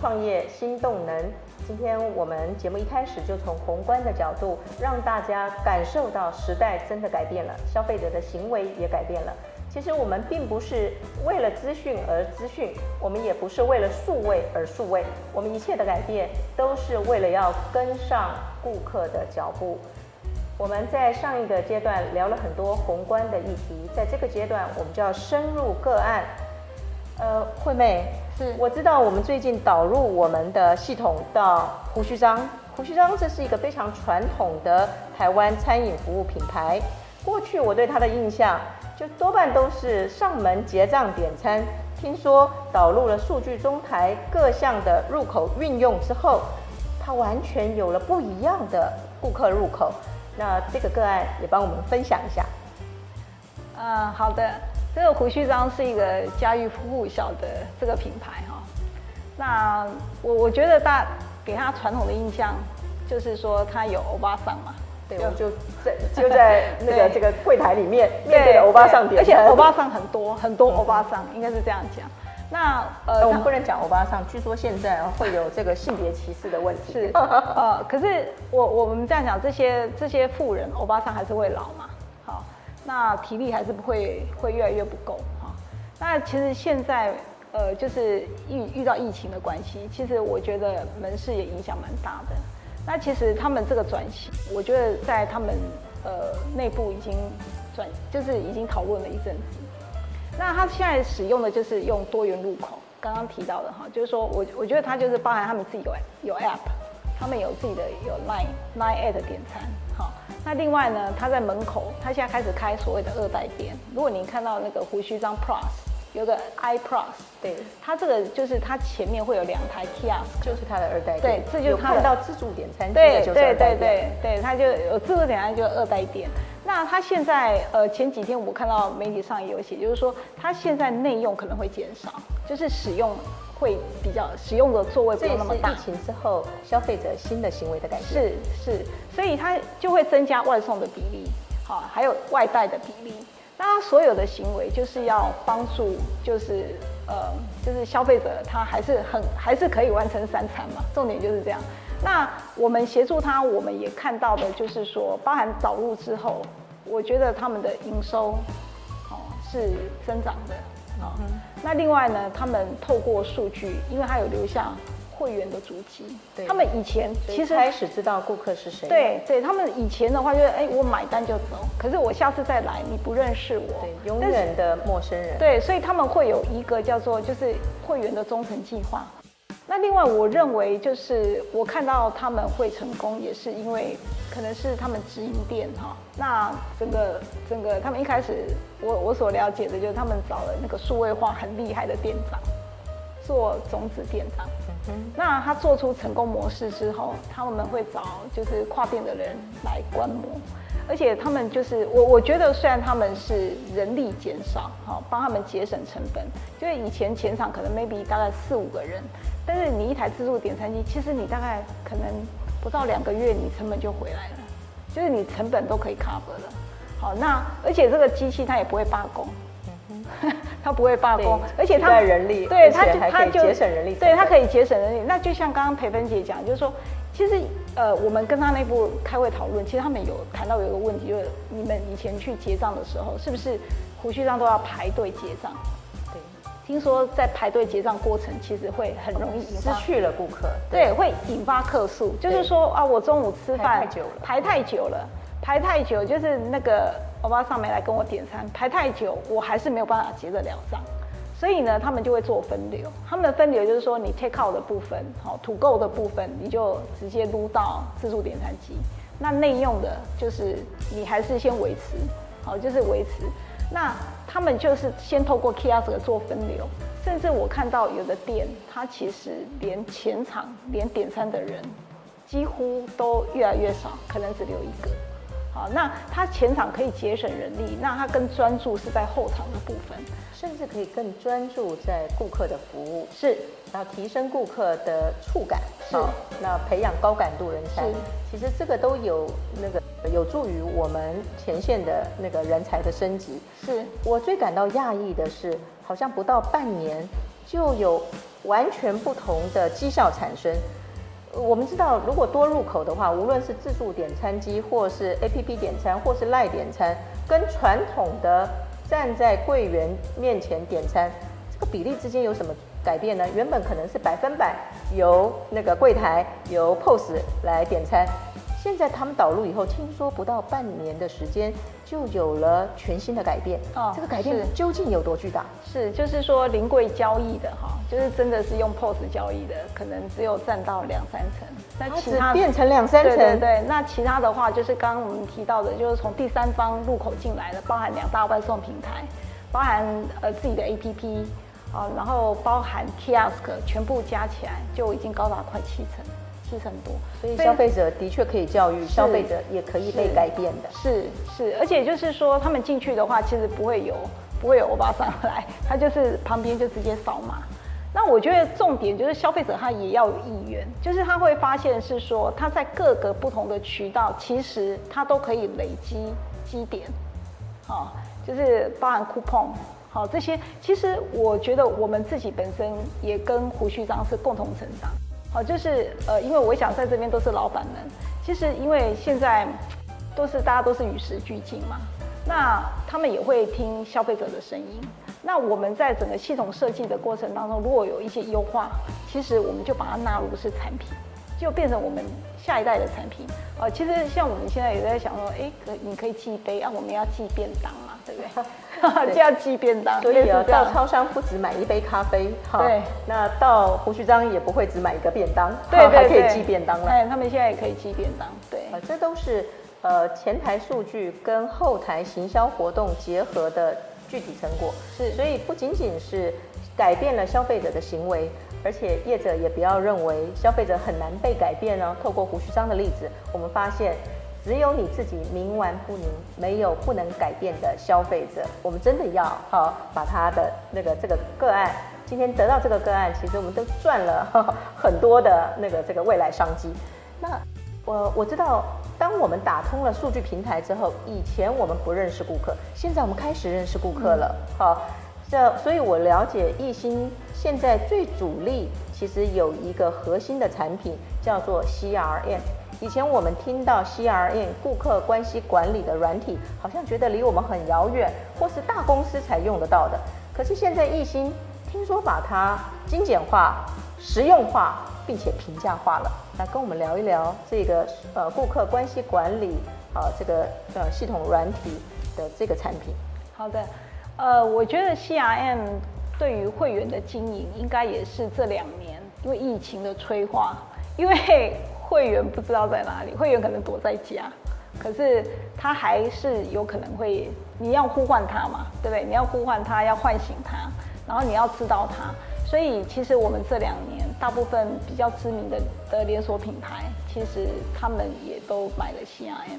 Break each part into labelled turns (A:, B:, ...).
A: 創業新動能。今天我們節目一開始就從宏觀的角度，讓大家感受到時代真的改變了，消費者的行為也改變了。其實我們並不是為了資訊而資訊，我們也不是為了數位而數位，我們一切的改變都是為了要跟上顧客的腳步。我們在上一個階段聊了很多宏觀的議題，在這個階段我們就要深入個案。呃，惠媚。嗯，我知道我們最近導入我們的系統到鬍鬚張。鬍鬚張，這是一個非常傳統的台灣餐飲服務品牌。過去我對它的印象就多半都是上門結賬點餐。聽說導入了數據中台各項的入口運用之後，它完全有了不一樣的顧客入口。那這個個案也幫我們分享一下。嗯，
B: 好的。這個鬍鬚張是一個家喻戶曉的這個品牌哈、哦，那我我覺得大家給他傳統的印象就是說他有歐巴桑嘛，對，就，我就在就在那個 這個櫃檯裡面面對歐巴桑點，而且歐巴桑很多 很多歐巴桑應該是這樣講。嗯、那呃、嗯哦、我們不
A: 能講歐巴桑，據說現在會有這個性別歧視的問題。是、呃、哦，
B: 可是我我們這樣講，這些這些婦人歐巴桑還是會老嘛？那體力還是不會會越來越不夠哈，那其實現在呃，就是遇遇到疫情的關係，其實我覺得門市也影響蠻大的。那其實他們這個轉型，我覺得在他們呃，內部已經轉就是已經討論了一陣子。那他現在使用的就是用多元入口，剛剛提到的哈，就是說我我覺得他就是包含他們自己有有 app。他們有自己的有 Line, Nine Nine t 點餐，好，那另外呢，他在門口，他現在開始開所謂的二代店。如果你看到那個鬍鬚張 Plus 有個 I Plus，對，他這個就是他前面會有兩台 Kiosk，就是他的二代店。對，這就是他們到自助點餐。對、就是、對對對對，他就有自助點餐就是、二代店。那他現在呃前幾天我們看到媒體上也有寫，就是說他現在內用可能會減少，就是使用。會比較使用的座位不要那麼大，這是疫情之後消費者新的行為的改變。是是，所以它就會增加外送的比例，好、哦，還有外帶的比例。那它所有的行為就是要幫助，就是呃，就是消費者他還是很還是可以完成三餐嘛，重點就是這樣。那我們協助他，我們也看到的就是說，包含導入之後，我覺得他們的營收哦是增長的，哦、嗯。那另外呢，他們透過數據，因為他有留下會員的足跡，他們以前其實開始知道顧客是誰。對對，他們以前的話就是，哎，我買單就走，可是我下次再來，你不認識我，對，永遠的
A: 陌生人。對，
B: 所以他們會有一個叫做就是會員的忠誠計劃。那另外，我認為就是我看到他們會成功，也是因為可能是他們直營店哈，喔。那整個整個他們一開始我，我我所了解的就是他們找了那個數位化很厲害的店長做種子店長。嗯哼。那他做出成功模式之後，他們會找就是跨店的人來觀摩。而且他們就是我，我覺得雖然他們是人力減少，哈、喔，幫他們節省成本。就是以前前場可能 maybe 大概四五個人，但是你一台自助點餐機，其實你大概可能不到兩個月，你成本就回來了，就是你成本都可以 cover 了。好，那而且這個機器它也不會罷工，嗯呵呵，它不會罷工，而且它的人力，對它它可以節省人力，對它可以節省人力。那就像剛剛裴芬姐講，就是說。其實，呃，我們跟他內部開會討論，其實他們有談到有一個問題，就是你們以前去結賬的時候，是不是胡鬚張都要排隊結賬？對，聽說在排隊結賬過程，其實會很容易失去了引發顧客對。對，會引發客訴，就是說啊，我中午吃飯排太久了，排太久，嗯，排太久就是那個，歐巴桑沒來跟我點餐，排太久，我還是沒有辦法結得了賬。所以呢，他們就會做分流。他們的分流就是說，你 take out 的部分，好，土夠的部分，你就直接擼到自助點餐機。那內用的，就是你還是先維持，好，就是維持。那他們就是先透過 k i a 做分流，甚至我看到有的店，他其實連前場連點餐的人，幾乎都越來越少，可能只留一個。那他前場可以節省人力，那他更專注是在後場的部分，甚至可以更專注在顧客
A: 的服務，是，那提升顧客的觸感，是，那培養高感度人才，是，其實這個都有那個有助於我們前線的那個人才的升級，是，我最感到訝異的是，好像不到半年就有完全不同的績效產生。我們知道，如果多入口的話，無論是自助點餐機，或是 APP 點餐，或是 LINE 點餐，跟傳統的站在櫃員面前點餐，這個比例之間有什麼改變呢？原本可能是百分百由那個櫃台由 POS 來點餐。現在他們導入以後，聽說不到半年的時間就有了全新的改變。哦，這個改變究竟有多巨大？是，
B: 是就是說臨櫃交易的哈，就是真的是用 POS 交易的，可能只有占到兩三成。那其他變成兩三成？對、對、對，那其他的話，就是剛剛我們提到的，就是從第三方入口進來的，包含兩大外送平台，包含呃自己的 APP，啊，然後包含 Kiosk，全部加起來就已經高達快七成。是很多，所以消費
A: 者的確可以教育，消費者也可以被改變的。
B: 是是，是，而且就是說，他們進去的話，其實不會有不會有歐巴上來，他就是旁邊就直接掃碼。那我覺得重點就是消費者他也要有意願，就是他會發現是說他在各個不同的渠道，其實他都可以累積積點，好，就是包含 coupon，好，這些。其實我覺得我們自己本身也跟鬍鬚張是共同成長。好，就是呃，因為我想在這邊都是老闆們。其實，因為現在都是大家都是與時俱進嘛，那他們也會聽消費者的聲音。那我們在整個系統設計的過程當中，如果有一些優化，其實我們就把它納入是產品，就變成我們下一代的產品。呃，其實像我們現在也在想說，哎，可你可以寄一杯啊，我們要寄便當。這個 就要
A: 寄便當。所以，以到超商不只買一杯咖啡，對，哈對，那到鬍鬚張也不會只買一個便當，對對，還可以寄便當了。
B: 哎，他們現在也可以寄便
A: 當，對。對對，這都是呃前台數據跟後台行銷活動結合的具體成果，是。所以不僅僅是改變了消費者的行為，而且業者也不要認為消費者很難被改變哦。透過鬍鬚張的例子，我們發現。只有你自己冥頑不靈，沒有不能改變的消費者。我們真的要好、哦、把他的那個這個個案，今天得到這個個案，其實我們都賺了、哦、很多的那個這個未來商機。那我我知道，當我們打通了數據平台之後，以前我們不認識顧客，現在我們開始認識顧客了。好、嗯哦，這所以我了解益欣現在最主力其實有一個核心的產品叫做 CRM。以前我們聽到 CRM 顧客關係管理的軟體，好像覺得離我們很遙遠，或是大公司才用得到的。可是現在益欣聽說把它精簡化、實用化，並且平價化了。那跟我們聊一聊這個呃顧客關係管理啊、呃、這個呃系統軟體的這個產品。
B: 好的，呃，我覺得 CRM 對於會員的經營，應該也是這兩年因為疫情的催化，因為。會員不知道在哪裡，會員可能躲在家，可是他還是有可能會，你要呼喚他嘛，對不對？你要呼喚他，要喚醒他，然後你要知道他。所以其實我們這兩年大部分比較知名的的連鎖品牌，其實他們也都買了 CRM。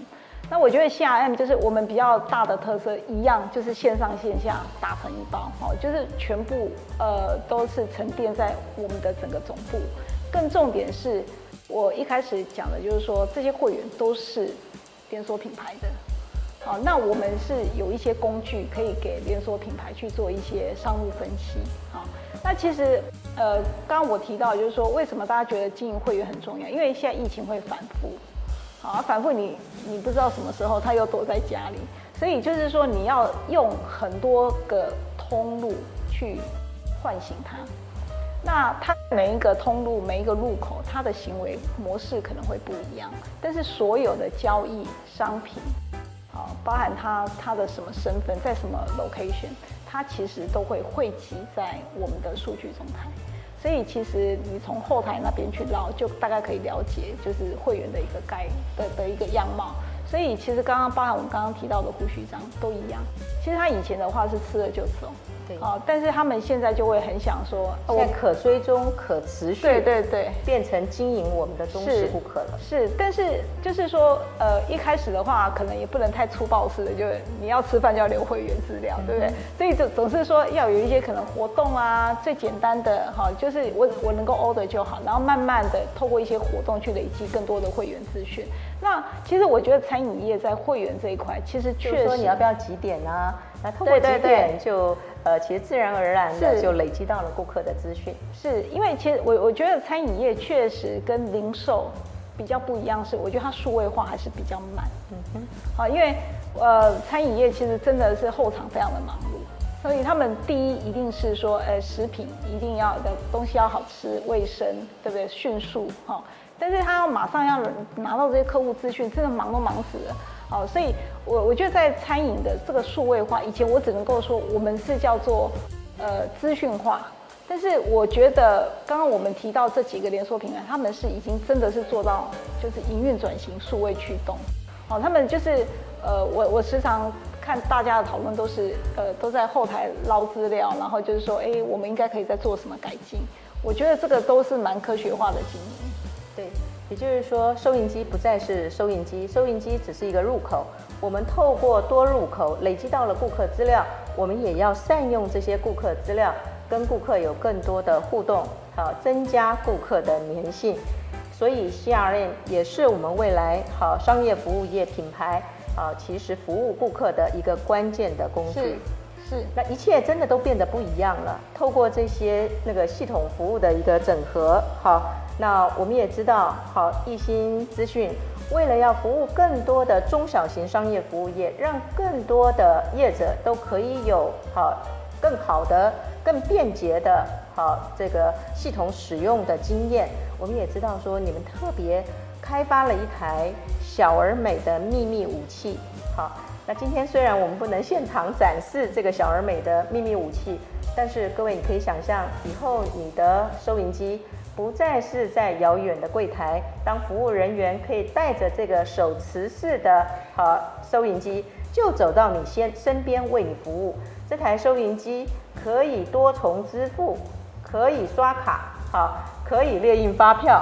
B: 那我覺得 CRM 就是我們比較大的特色，一樣就是線上線下打成一包，就是全部呃都是沉澱在我們的整個總部，更重點是。我一開始講的就是說，這些會員都是連鎖品牌的，好，那我們是有一些工具可以給連鎖品牌去做一些商務分析，好，那其實，呃，剛剛我提到就是說，為什麼大家覺得經營會員很重要？因為現在疫情會反復，好，反復你你不知道什麼時候他又躲在家裡，所以就是說你要用很多個通路去喚醒他。那它每一個通路、每一個入口，它的行為模式可能會不一樣，但是所有的交易商品，哦、包含它它的什麼身份，在什麼 location，它其實都會匯集在我們的數據中台。所以其實你從後台那邊去撈，就大概可以了解，就是會員的一個概的的一個樣貌。所以其實剛剛包含我們剛剛提到的鬍鬚張都一樣。其實他以前的話是吃了就走。哦、但是他們現在就會很想說，現在可
A: 追蹤、可持續，對對對，變成經營我們的忠實顧客
B: 了是。是，但是就是說，呃，一開始的話，可能也不能太粗暴似的，就是你要吃飯就要留會員資料，對不對？嗯、對所以總總是說要有一些可能活動啊，最簡單的哈、哦，就是我我能夠 order 就好，然後慢慢的透過一些活動去累積更多的會員資訊。那其實我覺得餐飲業在會員這一塊，其實確實就是說你要不要幾點啊？來、啊，透過
A: 這點就呃，其實自然而然的就累積到了顧客的資訊。
B: 是因為其實我我覺得餐飲業確實跟零售比較不一樣，是我覺得它數位化還是比較慢。嗯哼，好，因為呃餐飲業其實真的是後場非常的忙碌，所以他們第一一定是說，呃，食品一定要的東西要好吃、衛生，對不對？迅速哈，但是他要馬上要拿到這些客戶資訊，真的忙都忙死了。好，所以。我我覺得在餐飲的這個數位化，以前我只能夠說我們是叫做，呃，資訊化。但是我覺得剛剛我們提到這幾個連鎖品牌，他們是已經真的是做到就是營運轉型數位驅動。哦，他們就是呃，我我時常看大家的討論都是呃都在後台撈資料，然後就是說，哎，我們應該可以再做什麼改進。我覺得這個都是蠻科學化的經營，對，也就是說收銀機不再是
A: 收銀機，收銀機只是一個入口。我們透過多入口累積到了顧客資料，我們也要善用這些顧客資料，跟顧客有更多的互動，好、啊、增加顧客的粘性。所以 CRM 也是我們未來好、啊、商業服務業品牌，好、啊、其實服務顧客的一個關鍵的工具。是，是。那一切真的都變得不一樣了。透過這些那個系統服務的一個整合，好，那我們也知道，好益欣資訊。為了要服務更多的中小型商業服務業，讓更多的業者都可以有好更好的、更便捷的、好這個系統使用的經驗，我們也知道說你們特別開發了一台小而美的秘密武器。好，那今天雖然我們不能現場展示這個小而美的秘密武器，但是各位你可以想象以後你的收銀機。不再是在遙遠的櫃檯當服務人員，可以帶着這個手持式的好收銀機，就走到你先身邊為你服務。這台收銀機可以多重支付，可以刷卡，好，可以列印發票。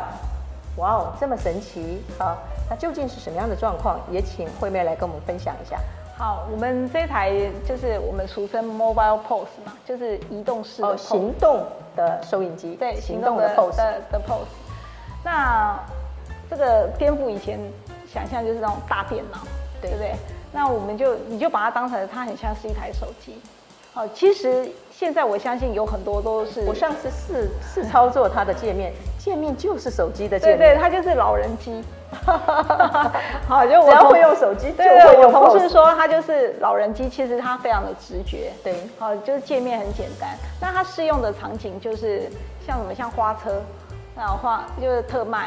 A: 哇哦，這麼神奇，好，那究竟是什麼樣的狀況？也請惠媚來跟我們分享一下。
B: 好，我們這台就是我們俗稱 mobile POS 嘛，就是移動式的，哦，行動的收銀機，對，行動的 POS，的 POS。那這個顛覆以前想象，就是那種大電腦，對不對？對。那我們就你就把它當成它很像是一台手機。好，其實。現在我相信有很多都是我上次試試操作它的界面，界面就是手機的界面，對，對對，它就是老人機。 好，就只要會用手機就會用手機。對，對，對，我同事說它就是老人機，其實它非常的直覺。對，好，就是界面很簡單。那它適用的場景就是像什麼像花車，那花就是特賣。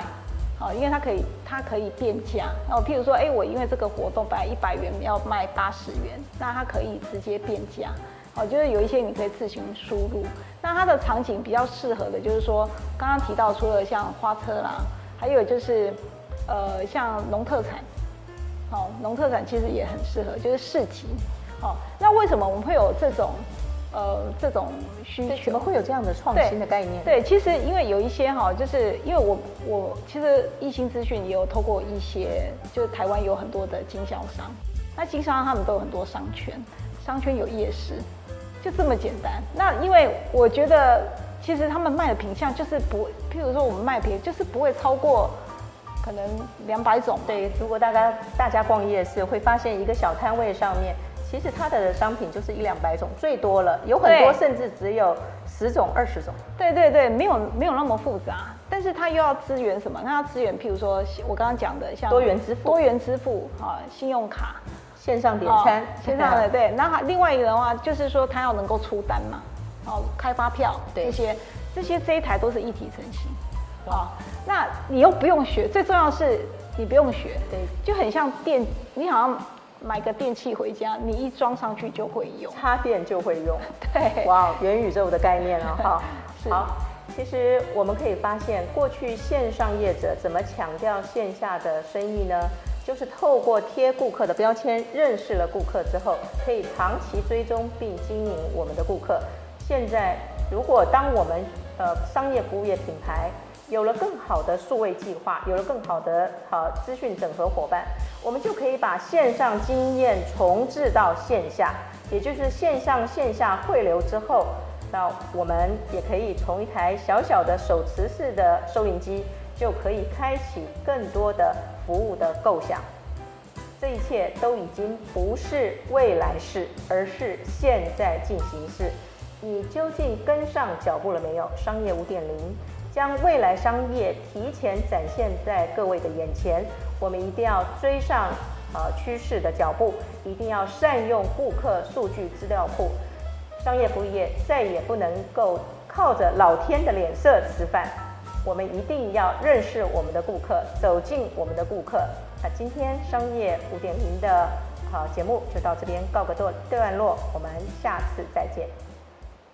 B: 好，因為它可以它可以變價。那我譬如說，哎、欸，我因為這個活動本來一百元要賣八十元，那它可以直接變價。就是有一些你可以自行輸入。那它的場景比較適合的，就是說剛剛提到，除了像花車啦，還有就是，呃，像農特產。好、哦，農特產其實也很適合，就是市集。哦。那為什麼我們會有這種，呃，這種需求？怎麼會有這樣的創新的概念對？對，其實因為有一些哈、哦，就是因為我我其實益欣資訊也有透過一些，就是台灣有很多的經銷商，那經銷商他們都有很多商圈，商圈有夜市。就這麼簡單。那因為我覺得，其實他們賣的品項就是不，譬如說我們賣品就是不會超過可能兩百種。對，
A: 如果大家大家逛夜市，會發現一個小攤位上面，其實它的商品就是一
B: 兩百種，最多了。有很多甚至只有十種、二十種。對對對，沒有沒有那麼複雜。但是它又要支援什麼？它要支援，譬如說我剛剛講的，像多元支付、多元支付啊，信用卡。線上點餐，oh, 線上的對， 然後另外一個的話就是說他要能夠出單嘛， 然後開發票 對這些，這些這一台都是一體成型，啊、wow. 哦，那你又不用學，最重要的是你不用學，對，就很像電，你好像買個電器回家，你一裝上去就會用，插電就會用， 對，哇、wow,，元宇宙的概念了、哦、哈， 好，其實
A: 我們可以發現，過去線上業者怎麼強調線下的生意呢？就是透過貼顧客的標籤，認識了顧客之後，可以長期追蹤並經營我們的顧客。現在，如果當我們呃商業服務業品牌有了更好的數位計劃，有了更好的好資訊整合夥伴，我們就可以把線上經驗重置到線下，也就是線上線下匯流之後，那我們也可以從一台小小的手持式的收銀機就可以開啟更多的。服務的構想，這一切都已經不是未來式，而是現在進行式。你究竟跟上腳步了沒有？商業五點零將未來商業提前展現在各位的眼前，我們一定要追上啊趨勢的腳步，一定要善用顧客數據資料庫。商業服務業再也不能夠靠着老天的臉色吃飯。我們一定要認識我們的顧客，走進我們的顧客。那今天商業五點零的好節目就到這邊告個段段落，我們下次再見。